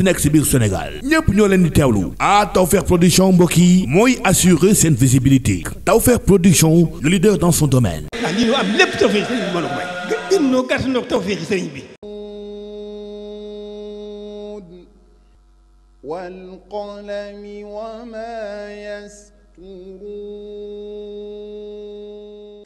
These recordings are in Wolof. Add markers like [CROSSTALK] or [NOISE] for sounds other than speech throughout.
munti nekk si biir Sénégal ñépp ñoo leen di teewlu ah Tawfekh production mbokk yi mooy assurer seen visibilité Tawfekh production le leader dans son domaine. Ah, am lépp Tawfekh sëriñ bi mën a may. gën noo gàtt noo Tawfekh bi.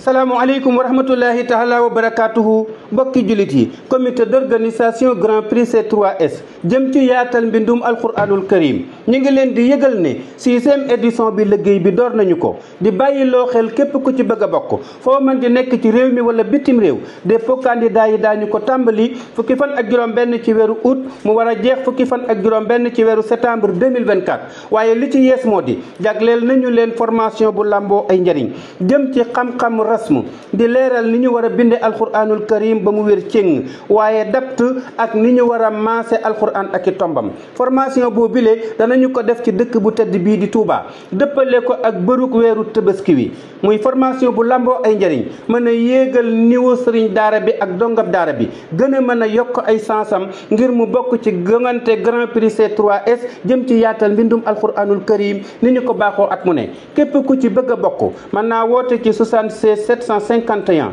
salaamaaleykum wa rahmatullahi taala wa barakaatuhu mbokki jullit yi comité d' organisation grand prix C3S jëm ci yaatal mbindum alquranul karim ñu ngi leen di yëgal ne sixième édition bi liggéey bi door nañu ko di bàyyi loo xel képp ku ci bëgg a bokk foo mën di nekk ci réew mi wala bitim réew dépôt candidat yi daañu ko tàmbali fukki fan ak juróom benn ci weeru août mu war a jeex fukki fan ak juróom benn ci weeru septembre 2024 waaye li ci yees moo di jagleel nañu leen formation bu làmboo ay njariñ jëm ci xam-xam rasmu di leeral ni ñu war a binde alxuraanul karim ba mu wér cëng waaye dapt ak ni ñu war a maase alxuraan ak i nañu ko def ci dëkk bu tedd bii di Touba dëppale ko ak bëru weeru tëbaski wi muy formation bu lamboo ay njëriñ mën a yéegal niveau sëriñ daara bi ak dongab daara bi gën a mën a yokk ay sansam ngir mu bokk ci gëngante grand prix C3S jëm ci yaatal mbindum alxuraanul karim ni ñu ko baaxoo ak mu ne képp ku ci bëgg a bokk mën naa woote ci 76 751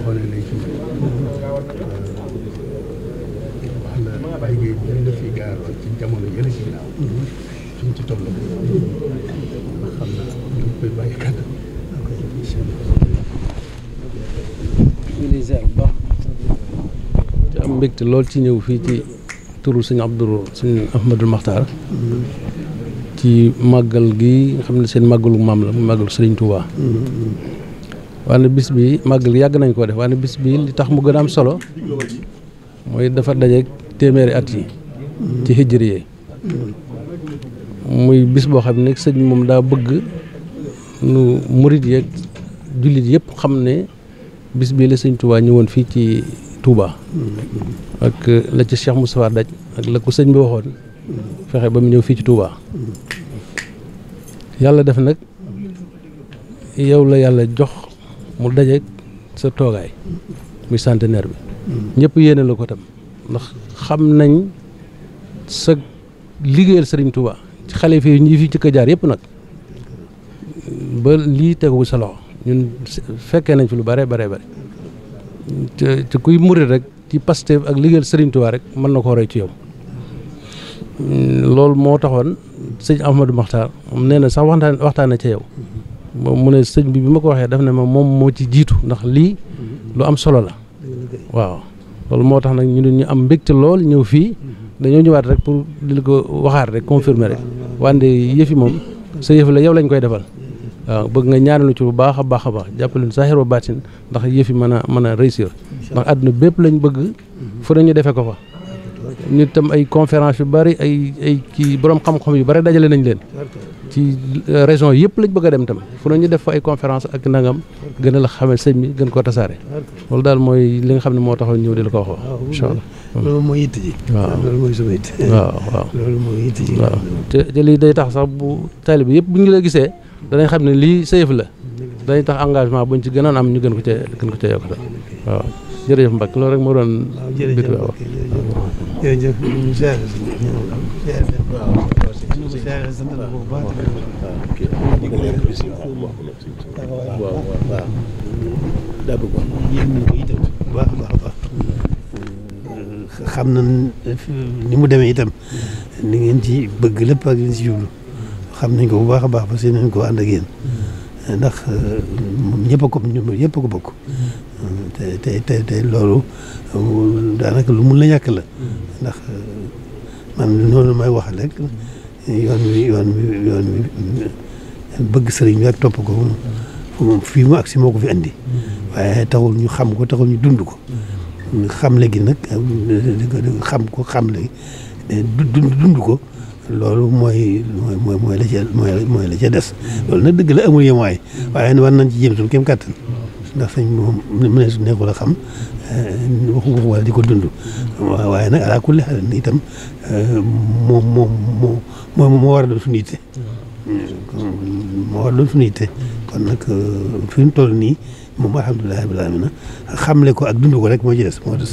boo ci jamono yële am mbégte lool ci ñëw fii ci turu sëñ Abdou sëñ Ahmadul Maxtaar ci màggal gi nga xam ne seen màggalu maam la mu màggalu Sëriñ wala bis bi màggal yàgg nañ koo def wala bis bi li tax mu gën am solo mooy defar dajeeg téeméeri at yi ci hijri muy bis boo xam ne sëñ moom daa bëgg nu murit yeeg jullit yëpp xam ne bis bii la sëñ Touba ñëwoon fii ci Touba. ak la ci Cheikh Moustapha daj ak la ko sëñ bi waxoon fexe ba mu ñëw fii ci Touba yàlla def nag yow la yàlla jox mu dajeeg sa toogaay muy centenaire bi ñëpp yéene la ko tam ndax xam nañ sa liggéeyal Serigne Touba ci xalifa yi ñu fi njëkk a jaar yëpp nag ba lii tegu sa loxo ñun fekkee nañ fi lu bare bare bare te kuy murit rek ci Pastef ak liggéeyal Serigne Touba rek mën na koo roy ci yow loolu moo taxoon sëñ Ahmadou Makhtar nee na sax waxtaan waxtaan na ca yow moom mu ne sëñ bi bi ma ko waxee def na ma moom moo ci jiitu ndax lii lu am solo la waaw loolu moo tax nag ñu ne ñu am mbégte lool ñëw fii dañoo ñëwaat rek pour di la ko waxaat rek confirmer rek wande yëfi moom sa yëf la yow lañ koy defal waaw bëgg nga ñaanalu ci bu baax a baax a baax jàppale saahir wa baatin ndax yëfi mën a mën a réussir ndax àdduna bépp lañ bëgg fu nañu defe ko fa nit tam ay conférence yu bari ay ay kii borom xam-xam yu bari dajale nañ leen ci euh, région yëpp lañ bëgg dem tam fu ne ñu def fa ay conférence ak nangam gën a la xamal sëñ bi gën koo tasaare loolu daal mooy li nga xam ne moo taxoon ñëw di ko wax ah, incha allah loolu mooy yitte ji waaw te lii day tax sax bu taalibe yëpp bu ñu la gisee danañ xam ne lii sa yëf la dañuy tax engagement buñ ci gënoon am ñu gën ko ca gën ko ca yokkata waaw jërëjëf Mbacke loolu rek moo doon bit waaw jërëjëf ñu seere si waaw ñu seere sant na ko bu baax waaw waaw daa bëgg wax yéen ñu ko itam baax baax baax xam na ni mu demee itam ni ngeen ci bëgg lépp ak li ci jublu xam nañ ko bu baax a baax parce que nañ ko ànd ak yéen ndax ñëpp a ko ñëpp a ko bokk te te te te loolu daanaka lu mun la ñàkk la mm-hmm. ndax man noonu may wax rek yoon wi yoon wi bëgg sëriñ bi ak topp ko mm-hmm. fii mu ak si moo ko fi andi mm-hmm. waaye taxul ñu xam ko taxul ñu dund ko xam léegi nag xam ko xam léegi dund ko loolu mooy mooy mooy la ca mooy la ca des loolu nag dëgg la amul yemaay waaye war nañ ci jéem suñu kéem kàttan ndax sëñ bi moom mënees nekkul a xam eh, waxu wala di ko dund. waaye nag alaa kulli xaal itam eh, moom moom moo moo moo war kon nag eh, mu toll nii moom alhamdulilah rabbil aalamiina xamle ko ak dund ko rek moo ci moo des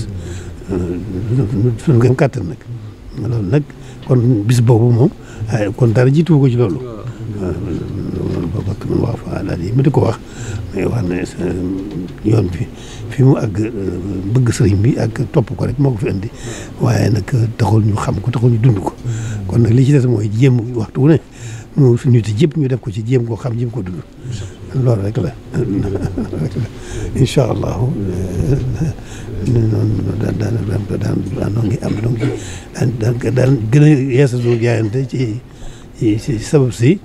suñu gëm kàttan nag. loolu nag kon bis boobu moom kon dara jiitu ko ci loolu. waaw loolu boo ko wax di ko wax. day wax ne euh, yoon bi fi mu àgg euh, bëgg sëriñ bi ak topp ko rek moo ko fi waaye nag euh, taxul ñu xam ko taxul ñu dund ko kon nag li ci des mooy jéem waxtu wu ne mu suñu te jëpp ñu def ko ci jéem koo xam jéem ko dund loolu rek la rek la [LAUGHS] incha allahu am noo ngi daan gën a yeesal yaayante ci ci sabab si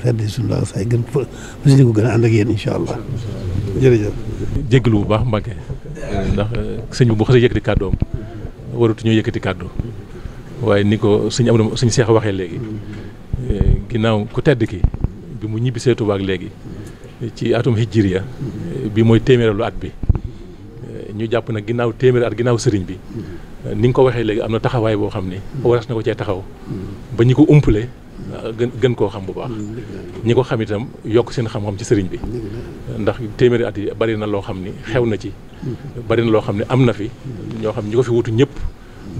fedd suñu laa saay gën fa fas ko gën a ànd ak yéen incha allah jërëjëf. jégalu bu baax Mbacke ndax eh, sëñ bi bu xasee yëkkati kàddoom waratuñoo yëkkati kàddu waaye ni ko suñu am na suñu seex waxee léegi eh, ginnaaw ku tedd ki bi mu ñibbi see Tuubaa léegi ci atum hijjiriya eh, bi mooy téeméeralu at bi ñu jàpp nag ginnaaw téeméer at ginnaaw sëriñ bi ni nga ko waxee léegi am na taxawaay boo xam ni waras na ko cee taxaw ba ñu ko umpale gën gën koo xam bu baax ñi ko xam itam yokk seen xam-xam ci sëriñ bi ndax téeméeri at yi bari na loo xam ni xew na ci bari na loo xam ne am na fi ñoo xam ñi ko fi wutu ñëpp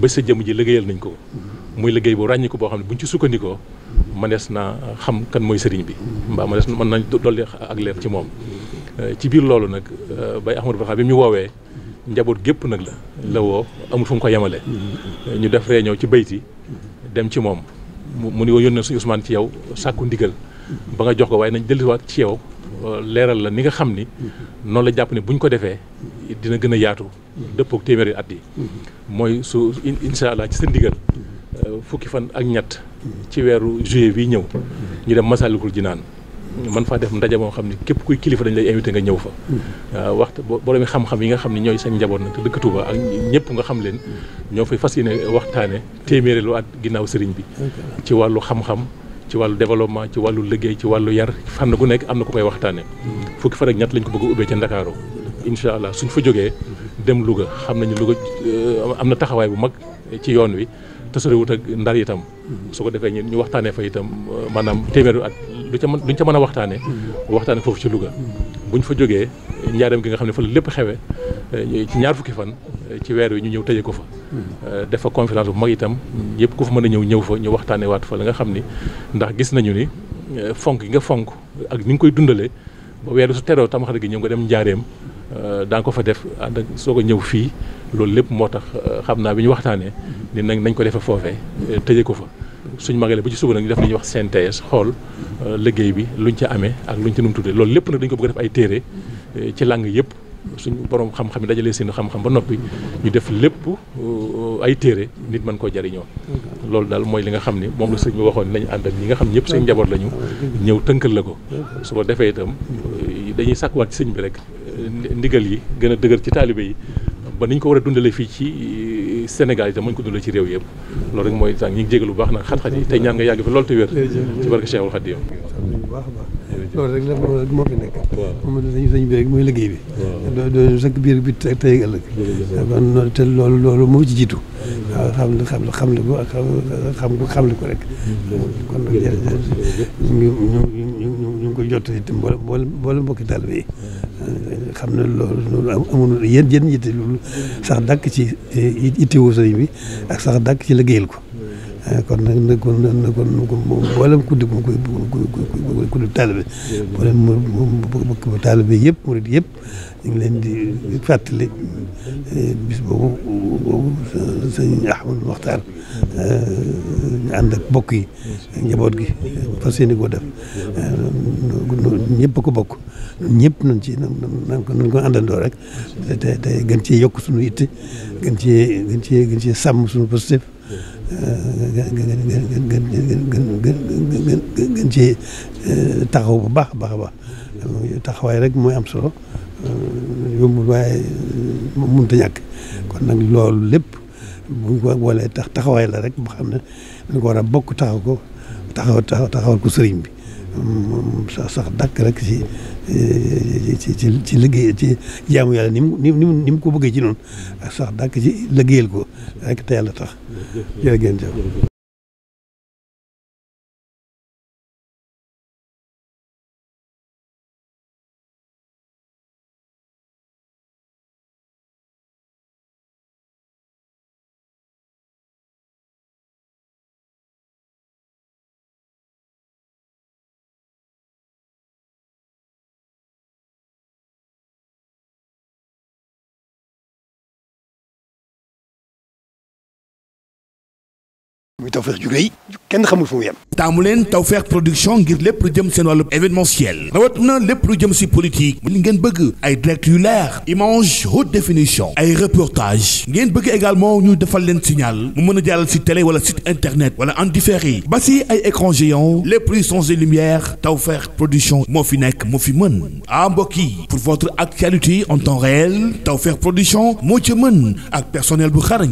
ba sa jëm ji liggéeyal nañ ko muy liggéey bu ràññi ko boo xam ne bu ñu ci sukkandikoo manees naa xam kan mooy sëriñ bi mbaa manees mën nañ dolli ak leer ci moom ci biir loolu nag euh, bay Ahmadou Barxa bi mu ñu woowee njaboot gépp nag la la woo amul fu mu ko yemale ñu def réunion ci bayti dem ci moom mu ni woo yónnee suñu Ousmane ci yow sàkku ndigal ba nga jox ko waaye nañ delluwaat ci yow euh, leeral la ni nga xam ni noonu la jàpp ne bu ko defee dina gën a yaatu dëppook téeméeri at yi mooy su insha allah ci sa ndigal euh, fukki fan ak ñett ci weeru juillet bi ñëw ñu dem Masaalikul naan mën faa def ndaje moo xam ne képp kuy kilifa dañ lay invité nga ñëw fa hmm. waaw waxtu boromi xam-xam yi nga xam ne ñooy seen njaboot nag te dëkk Touba ak ñëpp nga xam leen hmm. ñoo fay fas yéene waxtaane téeméeri lu at ginnaaw sëriñ bi ci wàllu xam-xam ci wàllu développement ci wàllu liggéey ci wàllu yar fànn gu nekk am na ku koy waxtaane hmm. fukki fa ak ñett lañ ko bëgg a ubbee ca Ndakaaru incha allah suñ fa jógee dem Louga xam nañu Louga euh, am na taxawaay bu mag ci yoon wi te soriwut ak ndar itam su ko defee ñu waxtaanee fa itam euh, maanaam téeméeru at lu ca mën luñ ca mën a waxtaanee waxtaane foofu ci Louga ñu fa jógee njaareem gi nga xam ne fa lépp xewe euh, ci ñaar fukki fan euh, ci weer wi ñu ñëw tëjee ko fa def fa conférence bu mag itam yëpp ku fa mën a ñëw ñëw fa ñu waxtaane waat fa la nga xam ni ndax gis nañu ni fonk gi nga fonk ak ni nga koy dundalee ba weer su teroo tam xarit gi ñëw nga dem njaareem Euh, daa ko fa def ànd ak soo ko ñëw fii loolu lépp moo tax euh, xam naa bi ñu waxtaanee ni nañ nañ ko defee foofee euh, tëjee ko fa suñ magalee ba ci suba nag ñu def li ñuy wax synthèse xool liggéey bi luñ ca amee ak luñ ci nu tuddee loolu lépp nag dañ ko def ay téere ci làng yëpp suñ borom xam-xam yi dajalee seen xam-xam ba noppi ñu def lépp ay téere nit mën koo jariñoo loolu daal mooy li nga xam ne moom la sëñ bi waxoon nañu ànd ak ñi nga xam ñëpp seen njaboot lañu ñëw tënkal la ko su ko defee itam dañuy sàkkuwaat ci sëñ bi rek Euh, ndigal yi gën a dëgër ci taalibe yi ba ni ñu ko war a dundalee fii ci euh, Sénégal itam mën ko dundalee ci réew yëpp loolu rek mooy tax ñu ngi jégalu bu baax nag xat-xat yi tey ñaan nga yàgg fi loolu te wér ci barke Cheikhul Khadim baax baax loolu rek la loolu rek bi rek mooy liggéey bi doo sëkk biir bi tey ëllëg te loolu loolu moo ci jiitu waaw xam xam xam le ko ak ko rek kon nag koy jot itam mboolem mboolem mboolem mbokki taalibe yi xam ne loolu loolu amul yéen yéen yitte loolu sax dàkk ci yittewoo eh, bi ak sax dàkk ci liggéeyal ko Eh, kon nag nag kon nag kon mboolem ku di ku ku ku ku taalibe mboolem mu taalibe yëpp murid yëpp leen di eh, boobu boobu sëñ Ahmadu Maxtaar eh, ñu yi njaboot gi fas yéene koo def ñëpp ko bokk ñëpp nañ ci nañ ko nañ ko àndandoo rek te te yokk suñu itte gën cee gën cee gën sàmm suñu positif gën gën ci euh, taxaw bu baax a baax a baax taxawaay rek mooy am solo euh, yombul waaye euh, mënut a ñàkk kon nag loolu lépp buñ ko boolee tax taxawaay la rek mu xam ne dañ ko war a bokk taxaw ko taxaw taxawal ko sëriñ bi sax sax dàkk rek ci ci ci ci liggéey ci jaamu yàlla ni mu ni mu ni ko bëggee ci noonu ak sax dàkk ci liggéeyal ko rek te yàlla tax jërë ngeen jëf muy Tawfekh ju rëy kenn xamul fu mu yem. taamu leen Tawfekh production ngir lépp lu jëm seen wàllu événementiel rawat na lépp lu jëm si politique li ngeen bëgg ay direct yu leer image haute définition ay reportage ngeen bëgg également ñu defal leen signal mu mën a jàllal si télé wala site internet wala en différé ba si ay écran géant lépp luy changé lumière Tawfekh production moo fi nekk moo fi mën ah mbokk yi pour votre actualité en temps réel Tawfekh production moo ci mën ak personnel bu xarañ